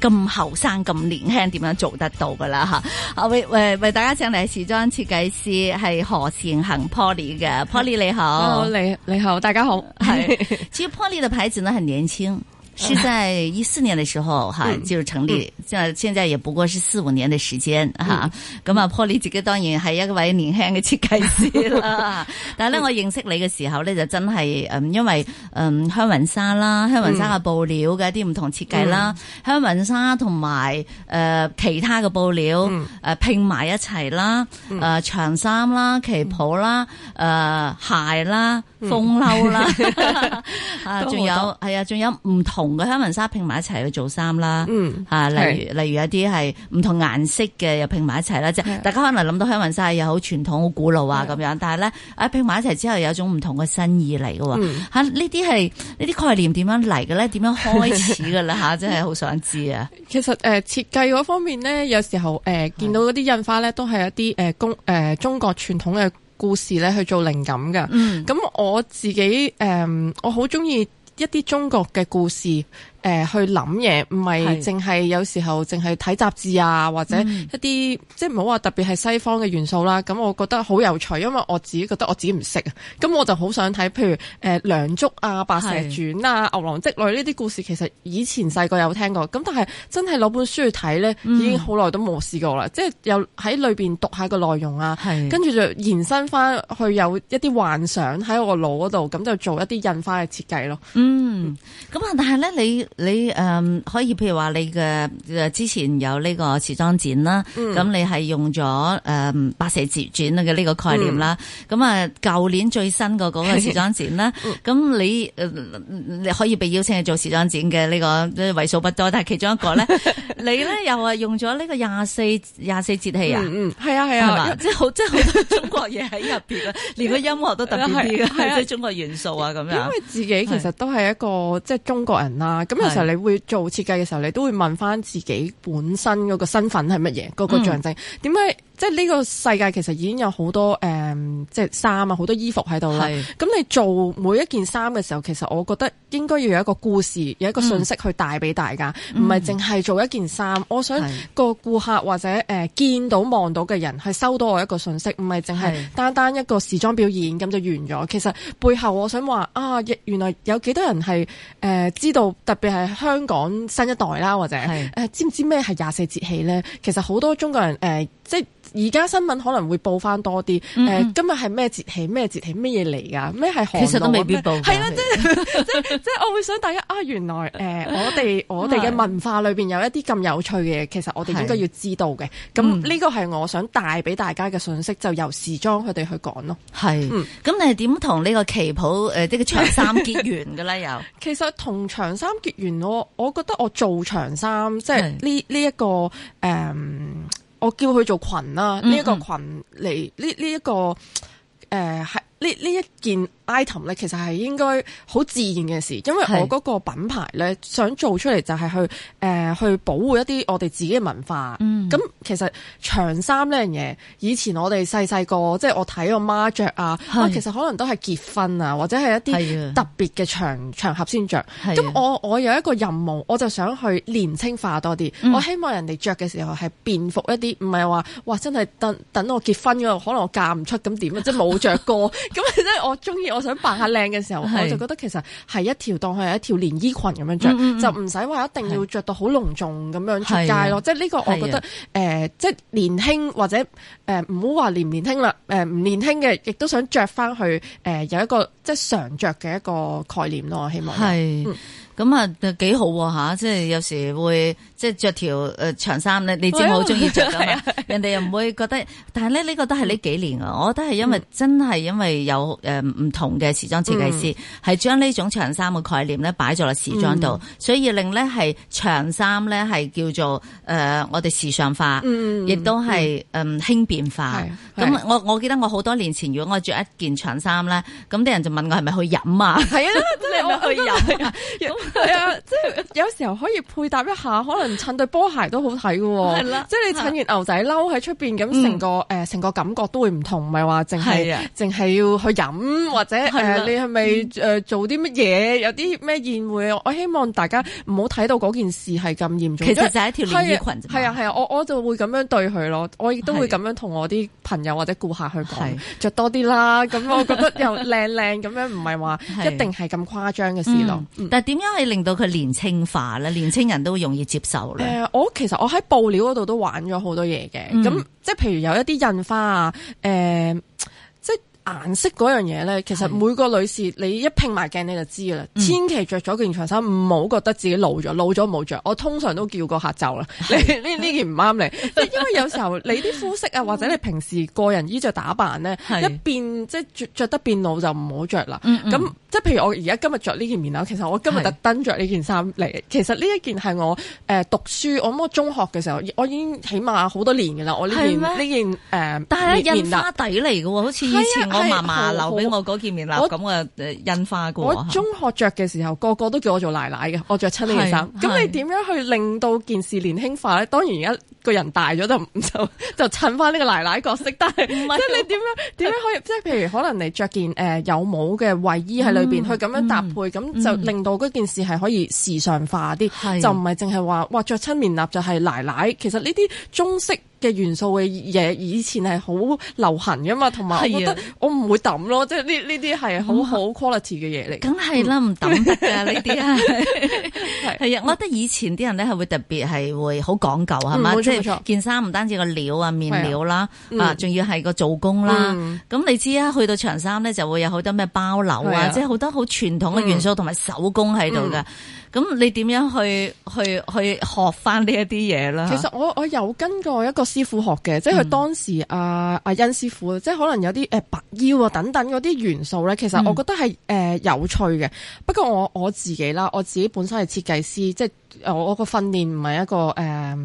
咁後生咁年輕，點樣做得到㗎喇？吓，我為為大家請嚟時裝設計師係何善行。是 Polly 嘅 Polly 你好，你好，你你好，大家好，係，至於 Polly 嘅牌子呢，很年輕。是在一四年的時候，哈、啊嗯、就成立，即係啊、嗯，現在也不過是四五年的時間，哈咁啊，Polly 自己當然係一位年輕嘅設計師啦。嗯、但係咧，我認識你嘅時候咧，就真係，嗯，因為，嗯，香雲紗啦，香雲紗嘅布料嘅一啲唔同設計啦，嗯、香雲紗同埋，誒、呃，其他嘅布料，誒、嗯，拼埋一齊啦，誒、呃，長衫啦，旗袍啦，誒、呃，鞋、呃、啦。風褸啦，啊，仲有係啊，仲有唔同嘅香雲紗拼埋一齊去做衫啦，啊，例如例如一啲係唔同顏色嘅又拼埋一齊啦，即係大家可能諗到香雲紗係又好傳統好古老啊咁樣，但係咧啊拼埋一齊之後有種唔同嘅新意嚟嘅，吓呢啲係呢啲概念點樣嚟嘅咧？點樣開始嘅咧？吓，真係好想知啊！其實誒，設計嗰方面咧，有時候誒見到嗰啲印花咧，都係一啲誒公誒中國傳統嘅。故事咧去做靈感噶，咁、嗯、我自己誒，我好中意一啲中國嘅故事。誒、呃，去諗嘢唔係淨係有時候淨係睇雜誌啊，或者一啲、嗯、即係唔好話特別係西方嘅元素啦。咁、嗯、我覺得好有趣，因為我自己覺得我自己唔識啊。咁我就好想睇，譬如誒、呃、梁祝啊、白蛇傳啊、牛郎織女呢啲故事，其實以前細個有聽過。咁但係真係攞本書去睇咧，已經好耐都冇試過啦。嗯、即係又喺裏邊讀下個內容啊，跟住、嗯、就延伸翻去有一啲幻想喺我個腦嗰度，咁就做一啲印花嘅設計咯。嗯，咁啊，但係咧你。你誒，可以譬如話你嘅，誒之前有呢個時裝展啦，咁你係用咗誒八蛇折轉嘅呢個概念啦。咁啊，舊年最新個嗰個時裝展啦，咁你你可以被邀請去做時裝展嘅呢個為數不多，但係其中一個咧，你咧又話用咗呢個廿四廿四節氣啊，係啊係啊，即係好即係好多中國嘢喺入邊啊，連個音樂都特別啲嘅，係啊，即係中國元素啊咁樣，因為自己其實都係一個即係中國人啦，咁。咁有時候，你會做設計嘅時候，是你都會問翻自己本身嗰個身份係乜嘢，嗰個象徵點解？即係呢個世界其實已經有好多誒、呃，即係衫啊，好多衣服喺度啦。咁是你做每一件衫嘅時候，其實我覺得應該要有一個故事，有一個信息去帶俾大家，唔係淨係做一件衫。我想個顧客或者誒、呃、見到望到嘅人係收到我一個信息，唔係淨係單單一個時裝表演咁就完咗。其實背後我想話啊，原來有幾多人係誒、呃、知道，特別係香港新一代啦，或者誒是、啊、知唔知咩係廿四節氣咧？其實好多中國人誒、呃、即係。即即即即即而家新聞可能會報翻多啲，誒、嗯嗯呃，今日係咩節氣？咩節氣？咩嘢嚟㗎？咩係寒露？其實都未必報，係啊，即係 即係即係，我會想大家啊，原來誒、呃，我哋我哋嘅文化裏邊有一啲咁有趣嘅嘢，其實我哋應該要知道嘅。咁呢是個係我想帶俾大家嘅信息，就由時裝佢哋去講咯。係是，咁、嗯、你點同呢個旗袍呢個長衫結緣㗎啦？又 其實同長衫結緣，我我覺得我做長衫，即係呢呢一個誒。是嗯嗯我叫佢做裙啦，呢一、嗯嗯、個裙嚟，呢呢一個，誒係呢呢一件。item 咧其實係應該好自然嘅事，因為我個品牌咧想做出嚟就係去誒、呃、去保護一啲我哋自己嘅文化。咁、嗯、其實長衫呢樣嘢，以前我哋細細個即係我睇我媽着啊，是其實可能都係結婚啊，或者係一啲特別嘅場場合先著。咁我的我有一個任務，我就想去年青化多啲。嗯、我希望人哋着嘅時候係便服一啲，唔係話哇真係等等我結婚㗎，可能我嫁唔出咁點啊，即係冇著過咁，即係我中意我想扮下靚嘅時候，是我就覺得其實係一條，當佢係一條連衣裙咁樣着，嗯嗯，就唔使話一定要着到好隆重咁樣出街咯。的即係呢個我覺得，誒的、呃，即係年輕或者誒，唔好話年唔年輕啦，誒、呃，唔年輕嘅亦都想着返去，誒、呃，有一個即係常着嘅一個概念咯。我希望係咁是、嗯、啊，幾好吓，即係有時會。即係着條誒長衫咧，你知我好中意着噶嘛？人哋又唔會覺得。但係咧呢個都係呢幾年啊！我覺得係因為真係因為有誒唔同嘅時裝設計師係將呢種長衫嘅概念咧擺咗落時裝度，所以令咧係長衫咧係叫做誒我哋時尚化，亦都係誒輕便化。咁我我記得我好多年前如果我着一件長衫咧，咁啲人就問我係咪去飲啊？係啊，真係冇去飲。係啊，即係有時候可以配搭一下，可能。唔襯對波鞋都好睇㗎、哦，的即係你襯完牛仔褸喺出邊咁，成個誒成、呃、個感覺都會唔同，唔係話淨係淨係要去飲或者誒的、呃，你係咪誒做啲乜嘢？有啲咩宴會啊？我希望大家唔好睇到嗰件事係咁嚴重。其實就一條連衣裙係啊係啊，我我就會咁樣對佢咯，我亦都會咁樣同我啲。朋友或者顧客去講着是多啲啦，咁我覺得又靚靚咁樣，唔係話一定係咁誇張嘅事咯。嗯嗯、但係點樣係令到佢年青化咧？年輕人都容易接受咧。誒、呃，我其實我喺布料嗰度都玩咗好多嘢嘅，咁即係譬如有一啲印花啊，誒、呃。顏色嗰樣嘢咧，其實每個女士的你一拼埋鏡你就知噶啦。千祈着咗件長衫，唔好覺得自己老咗，老咗冇着。我通常都叫個客就啦，呢呢呢件唔啱你。因為有時候你啲膚色啊，或者你平時個人衣着打扮咧，的一變即係著得變老就唔好着啦。咁、嗯嗯、即係譬如我而家今日着呢件棉襖，其實我今日特登着呢件衫嚟。的其實呢一件係我誒、呃、讀書，我咁我中學嘅時候，我已經起碼好多年嘅啦。我呢件呢嗎件誒，嗯、但係呢印花底嚟嘅喎，好似的我嫲嫲我，嫲，留俾我。件棉衲咁啊，印花過。我中學着嘅時候，是個個都叫我做奶奶嘅。我着七呢件衫。咁你點樣去令到件事年輕化咧？當然而家個人大咗就就就襯翻呢個奶奶角色。但係即係你點樣點樣可以？即係 譬如可能你着件誒、呃、有帽嘅衞衣喺裏邊，去咁、嗯、樣搭配，咁、嗯、就令到嗰件事係可以時尚化啲。是是就唔係淨係話哇著七棉衲就係奶，奶奶。其實呢啲中式。嘅元素嘅嘢以前係好流行噶嘛，同埋我覺得我唔會抌咯，即係呢呢啲係好好 quality 嘅嘢嚟。梗係啦，唔抌得噶呢啲係。係啊，我覺得以前啲人咧係會特別係會好講究係嘛，即係件衫唔單止個料啊麵料啦啊，仲要係個做工啦。咁你知啊，去到長衫咧就會有好多咩包紐啊，即係好多好傳統嘅元素同埋手工喺度噶。咁你點樣去去去學翻呢一啲嘢啦？其實我我有跟過一個師傅學嘅，嗯、即係佢當時阿阿恩師傅，即係可能有啲誒白腰啊等等嗰啲元素咧。其實我覺得係誒、呃、有趣嘅。不過我我自己啦，我自己本身係設計師，即係我我個訓練唔係一個誒誒、啊啊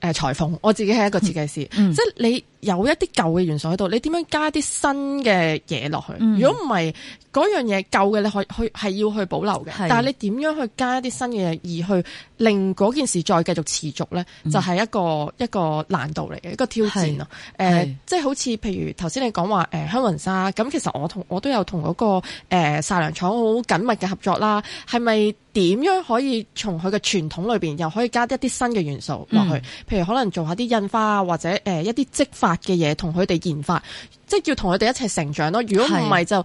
啊、裁縫，我自己係一個設計師。嗯、即係你有一啲舊嘅元素喺度，你點樣加啲新嘅嘢落去？如果唔係。嗰樣嘢舊嘅，你可以去係要去保留嘅。是但係你點樣去加一啲新嘅嘢，而去令嗰件事再繼續持續咧，嗯、就係一個一個難度嚟嘅一個挑戰咯。誒，即係好似譬如頭先你講話誒、呃、香雲紗，咁，其實我同我都有同嗰、那個誒曬莨廠好緊密嘅合作啦。係咪點樣可以從佢嘅傳統裏邊又可以加一啲新嘅元素落去？嗯、譬如可能做下啲印花啊，或者誒一啲織法嘅嘢，同佢哋研發。即係要同佢哋一齊成長咯，如果唔係就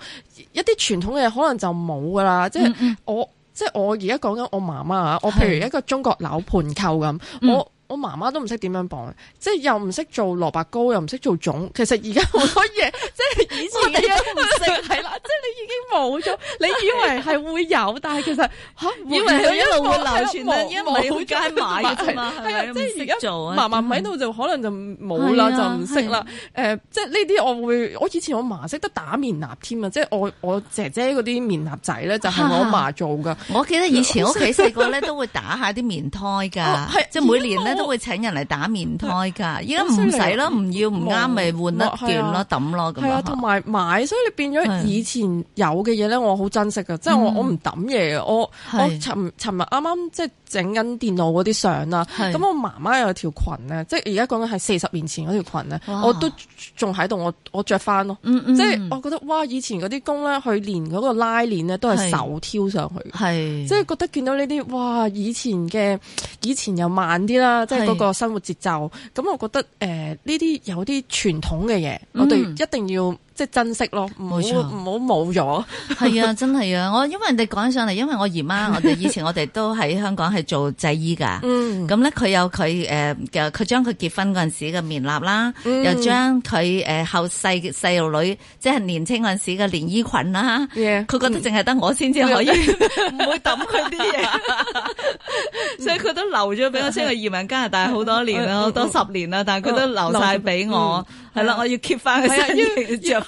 一啲傳統嘅可能就冇噶啦。即係我即係我而家講緊我媽媽啊，我譬如一個中國老盤扣咁，的我我媽媽都唔識點樣綁，即係又唔識做蘿蔔糕，又唔識做粽。其實而家好多嘢，即係 以前的。 們都 冇咗，你以為係會有，但係其實吓，以為佢一路會流傳咧，因為好街買啫嘛。即係而家做嫲嫲唔喺度就可能就冇啦，就唔識啦。誒，即係呢啲我會，我以前我嫲識得打棉衲添啊，即係我我姐姐嗰啲棉衲仔咧就係我阿嫲做噶。我記得以前屋企細個咧都會打下啲棉胎噶，即係每年咧都會請人嚟打棉胎噶。而家唔使啦，唔要唔啱咪換得斷咯，抌咯咁。係啊，同埋買，所以你變咗以前有嘅。嘅嘢咧，我好珍惜噶，即係我我唔抌嘢，我我尋尋日啱啱即係整緊電腦嗰啲相啦，咁我媽媽有條裙咧，即係而家講緊係四十年前嗰條裙咧哇，我都仲喺度，我我着翻咯，嗯嗯、即係我覺得哇，以前嗰啲工咧，佢連嗰個拉鏈咧都係手挑上去，即係覺得見到呢啲哇，以前嘅以前又慢啲啦，即係嗰個生活節奏，咁是我覺得誒呢啲有啲傳統嘅嘢，嗯、我哋一定要。即係珍惜咯，冇錯，唔好冇咗。係啊，真係啊，我因為人哋講上嚟，因為我姨媽，我哋以前我哋都喺香港係做製衣噶。嗯，咁咧佢有佢誒，又佢將佢結婚嗰陣時嘅棉衲啦，又將佢誒後世細路女，即係年輕嗰陣時嘅連衣裙啦，佢覺得淨係得我先至可以，唔會抌佢啲嘢，所以佢都留咗俾我，即係移民加拿大好多年啦，都十年啦，但係佢都留晒俾我。係啦，我要 keep 翻。係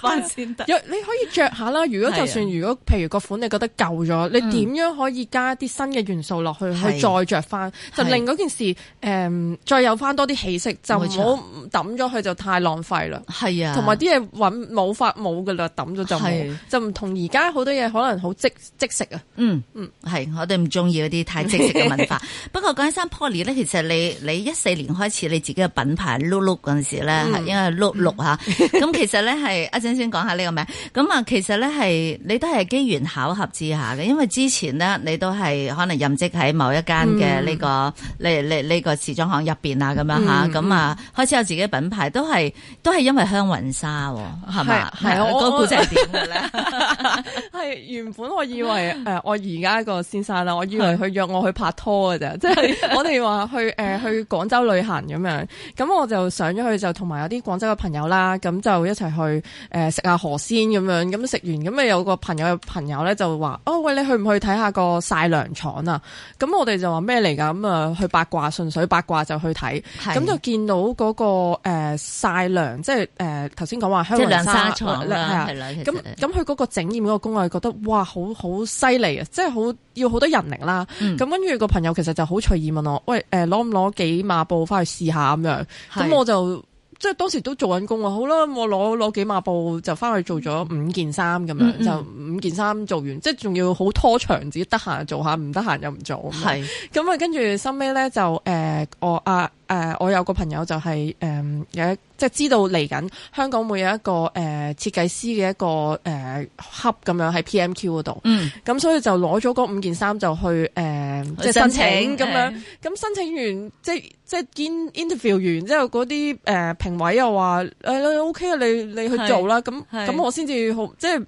翻先得，你可以着下啦。如果就算如果，譬如個款你覺得舊咗，你點樣可以加啲新嘅元素落去去再着翻，就令嗰件事，誒，再有翻多啲氣息，就唔好抌咗佢就太浪費啦。係啊，同埋啲嘢揾冇法冇噶啦，抌咗就冇，就唔同而家好多嘢可能好即即食啊。嗯嗯，係我哋唔中意嗰啲太即食嘅文化。不過講起生 Polly 咧，其實你你一四年開始你自己嘅品牌碌碌嗰陣時咧，因為碌碌吓，咁其實咧係一先講下呢個名，咁啊，其實咧係你都係機緣巧合之下嘅，因為之前咧你都係可能任職喺某一間嘅呢個呢呢呢個時裝行入邊啊，咁樣吓，咁啊開始有自己嘅品牌，都係都係因為香雲紗係咪啊？係啊，個古仔係點嘅咧？ 原本我以為誒我而家個先生啦，我以為佢約我去拍拖嘅咋，即係我哋話去誒、呃、去廣州旅行咁樣，咁我就上咗去，就同埋有啲廣州嘅朋友啦，咁就一齊去誒、呃、食下河鮮咁樣，咁食完咁咪有個朋友嘅朋友咧就話：哦，喂你去唔去睇下個晒涼廠啊？咁我哋就話咩嚟㗎？咁、呃、啊去八卦，純粹八卦就去睇，咁是的 就見到嗰、那個晒、呃、曬涼，即係誒頭先講話香雲紗咁，咁佢嗰個整染嗰個工藝。覺得哇，好好犀利啊！即係好要好多人力啦。咁、嗯、跟住個朋友其實就好隨意問我：「喂，誒攞唔攞幾碼布翻去試下咁樣？咁是的 我就。即係當時都做緊工啊，好啦，我攞攞幾碼布就翻去做咗五件衫咁樣，嗯嗯就五件衫做完，即係仲要好拖長，自己得閒做下，唔得閒又唔做。係，咁是、呃、啊，跟住收尾咧就誒，我啊誒，我有個朋友就係、是、誒，有、呃、即係知道嚟緊香港會有一個誒設計師嘅一個誒 hub 咁樣喺 PMQ 嗰度。嗯，咁所以就攞咗嗰五件衫就去誒，即係申請咁樣，咁申請完即係。即係見 interview 完之後，嗰啲誒評委又話誒、哎、OK 啊，你你去做啦，咁咁我先至好，即係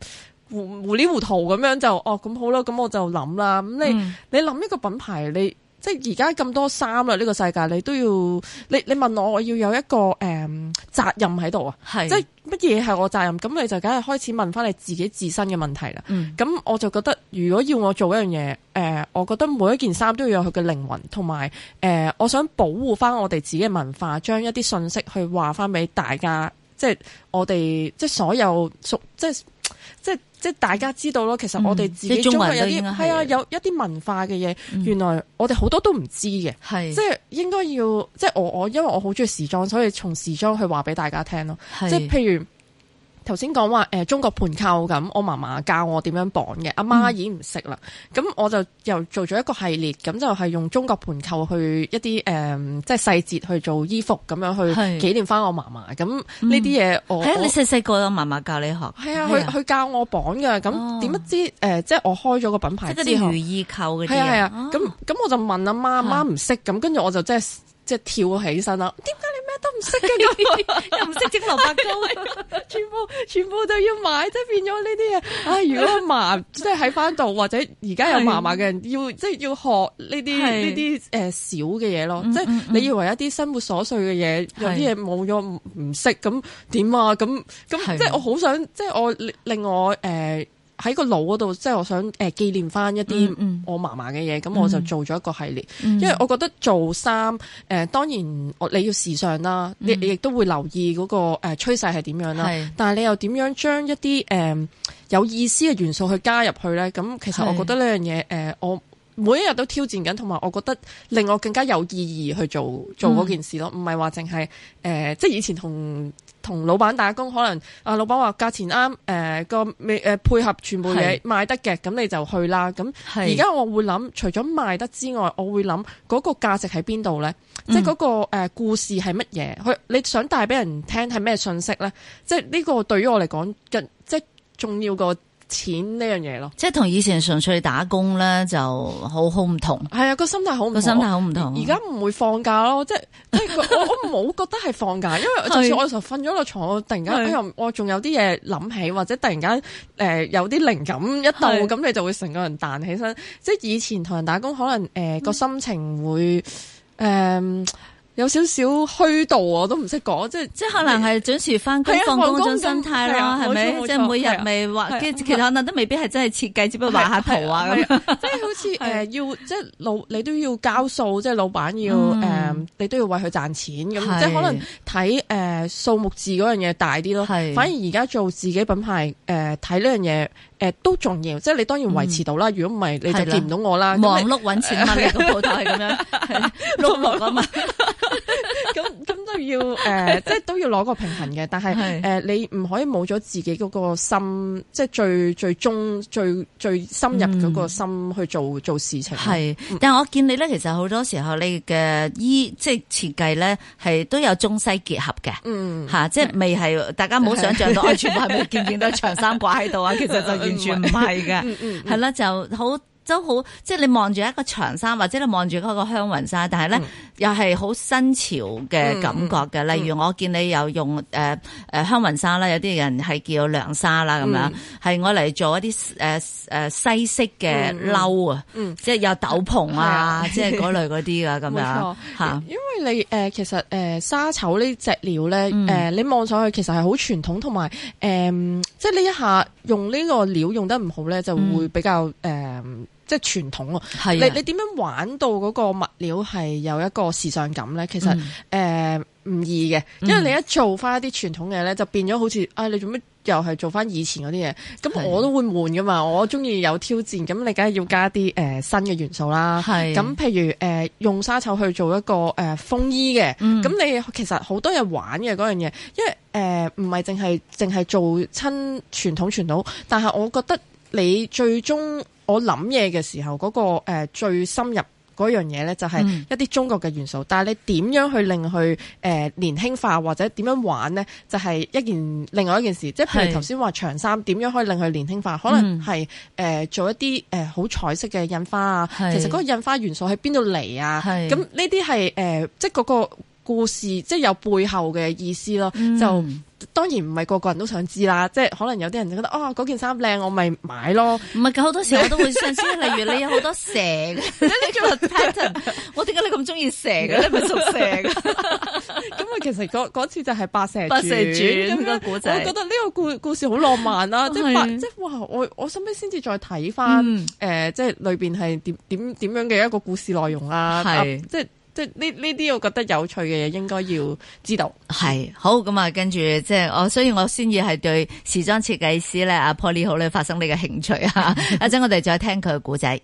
糊塗糊裏糊塗咁樣就哦咁好啦，咁我就諗啦，咁你、嗯、你諗一個品牌你。即係而家咁多衫啦，呢個世界你都要，你你問我，我要有一個誒責任喺度啊，係。即係乜嘢係我責任？咁你就梗係開始問翻你自己自身嘅問題啦。咁我就覺得，如果要我做一樣嘢，誒，我覺得每一件衫都要有佢嘅靈魂，同埋誒，我想保護翻我哋自己嘅文化，將一啲信息，去話翻俾大家，即係我哋即係所有屬即係即係。即即係大家知道咯，其實我哋自己中國有啲係啊，有一啲文化嘅嘢，嗯、原來我哋好多都唔知嘅。係是，即係應該要即係我我，因為我好鍾意時裝，所以從時裝去話俾大家聽咯。是即係譬如。頭先講話誒中國盤扣咁，我嫲嫲教我點樣綁嘅，阿媽，媽已經唔識啦。咁、嗯、我就又做咗一個系列，咁就係、是、用中國盤扣去一啲誒、呃，即係細節去做衣服咁樣去紀念翻我嫲嫲。咁呢啲嘢我，的我你細細個有嫲嫲教你學，係啊的，佢佢的教我綁噶。咁點、哦、不知誒、呃，即係我開咗個品牌之後即係啲如意扣嗰啲嘢。係、哦、啊，咁咁我就問阿媽，媽，阿媽唔識，咁跟住我就即係即係跳起身啦。都唔識嘅呢啲， 又唔識蒸蘿蔔糕， 全部全部都要買，即係變咗呢啲嘢。啊、哎，如果嫲即係喺翻度，或者而家有嫲嫲嘅人，的要即係、就是、要學呢啲呢啲誒少嘅嘢咯。即係你以為一啲生活瑣碎嘅嘢，有啲嘢冇咗唔識咁點啊？咁咁即係我好想，即、就、係、是、我令我誒。呃喺個腦嗰度，即係我想誒、呃、紀念翻一啲我嫲嫲嘅嘢，咁、嗯、我就做咗一個系列，嗯、因為我覺得做衫誒、呃，當然你要時尚啦、嗯，你你亦都會留意嗰、嗰個誒、呃、趨勢係點樣啦，是但係你又點樣將一啲誒、呃、有意思嘅元素去加入去呢？咁其實我覺得呢樣嘢誒，我每一日都挑戰緊，同埋我覺得令我更加有意義去做做嗰件事咯，唔係話淨係誒，即係以前同。同老闆打工可能啊，老闆話價錢啱，誒個未誒配合全部嘢賣得嘅，咁是你就去啦。咁而家我會諗，除咗賣得之外，我會諗嗰個價值喺邊度呢？嗯、即係嗰個故事係乜嘢？佢你想帶俾人聽係咩信息呢？即係呢個對於我嚟講，更即係重要個。錢呢樣嘢咯，即係同以前純粹打工咧就好好唔同。係啊， 個心態好，個心態好唔同。而家唔會放假咯， 即係即係我冇覺得係放假， 因為就算我有時候瞓咗落床，我突然間我又我仲有啲嘢諗起，或者突然間誒、呃、有啲靈感一到，咁是你就會成個人彈起身。即係以前同人打工可能誒個、呃、 心情會誒。呃呃有少少虛度我都唔識講，即係即係可能係準時翻工放工嗰種心態咯，係咪？即係每日咪畫，其實可能都未必係真係設計，只不過畫下圖啊。即係好似誒要即係老，你都要交數，即係老闆要誒，你都要為佢賺錢咁。即係可能睇誒數目字嗰樣嘢大啲咯。反而而家做自己品牌誒，睇呢樣嘢。誒，都重要，即係你當然維持到啦。如果唔係，你就見唔到我啦。忙碌搵錢，你個鋪頭係咁樣，碌碌咁，咁咁都要誒，即係都要攞個平衡嘅。但係誒，你唔可以冇咗自己嗰個心，即係最最終、最最深入嗰個心去做做事情。係，但係我見你咧，其實好多時候你嘅衣即係設計咧，係都有中西結合嘅。嗯，吓，即係未係大家冇想象到，全部係咪見見到長衫褂喺度啊？其實就。完全唔係嘅，係、嗯、啦、嗯，就好。都好，即係你望住一個長衫，或者你望住嗰個香雲紗，但係咧、嗯、又係好新潮嘅感覺嘅。嗯、例如我見你有用誒誒、呃、香雲紗啦，有啲人係叫涼紗啦，咁、嗯、樣係、嗯、我嚟做一啲誒誒西式嘅褸、嗯嗯、啊，即係有斗篷啊，即係嗰類嗰啲噶咁樣吓。 錯是因為你誒、呃、其實誒沙綢呢隻料咧，誒你望上去其實係好傳統，同埋誒即係你、呃、一下用呢個料用得唔好咧，就會比較誒。嗯呃嗯即係傳統喎、啊，你你點樣玩到嗰個物料係有一個時尚感咧？其實誒唔、嗯呃、易嘅，因為你一做翻一啲傳統嘢咧，就變咗好似啊、哎，你做乜又係做翻以前嗰啲嘢？咁我都會悶噶嘛，我中意有挑戰。咁你梗係要加啲誒、呃、新嘅元素啦。咁是、呃、譬如誒、呃、用沙綢去做一個誒風、呃、衣嘅，咁、嗯、你其實好多嘢玩嘅嗰樣嘢，因為誒唔係淨係淨係做親傳統傳統，但係我覺得你最終。我諗嘢嘅時候，嗰、那個誒、呃、最深入嗰樣嘢呢，就係、是、一啲中國嘅元素。嗯、但係你點樣去令佢誒、呃、年輕化，或者點樣玩呢？就係、是、一件另外一件事。即係是 譬如頭先話長衫，點樣可以令佢年輕化？可能係誒、嗯呃、做一啲誒好彩色嘅印花啊。是 其實嗰個印花元素喺邊度嚟啊？咁呢啲係誒即係嗰個。故事即係有背後嘅意思咯，嗯、就當然唔係個個人都想知啦。即係可能有啲人就覺得啊，嗰件衫靚，我咪買咯。唔係，好多時候我都會想知。例 如你有好多蛇，即我點解你咁中意蛇嘅？你咪屬蛇咁，咁其實嗰次就係《白蛇白蛇傳》咁嘅故仔。我覺得呢個故故事好浪漫啦、啊 即是，即係白，即係哇！我我後尾先至再睇翻誒，即係裏邊係點點點樣嘅一、啊啊、一個故事內容啊，即係。即係呢呢啲我覺得有趣嘅嘢應該要知道係好咁啊！跟住即係我所以我先要係對時裝設計師咧阿 Polly 好咧發生呢個興趣啊！一陣 我哋再聽佢嘅故仔。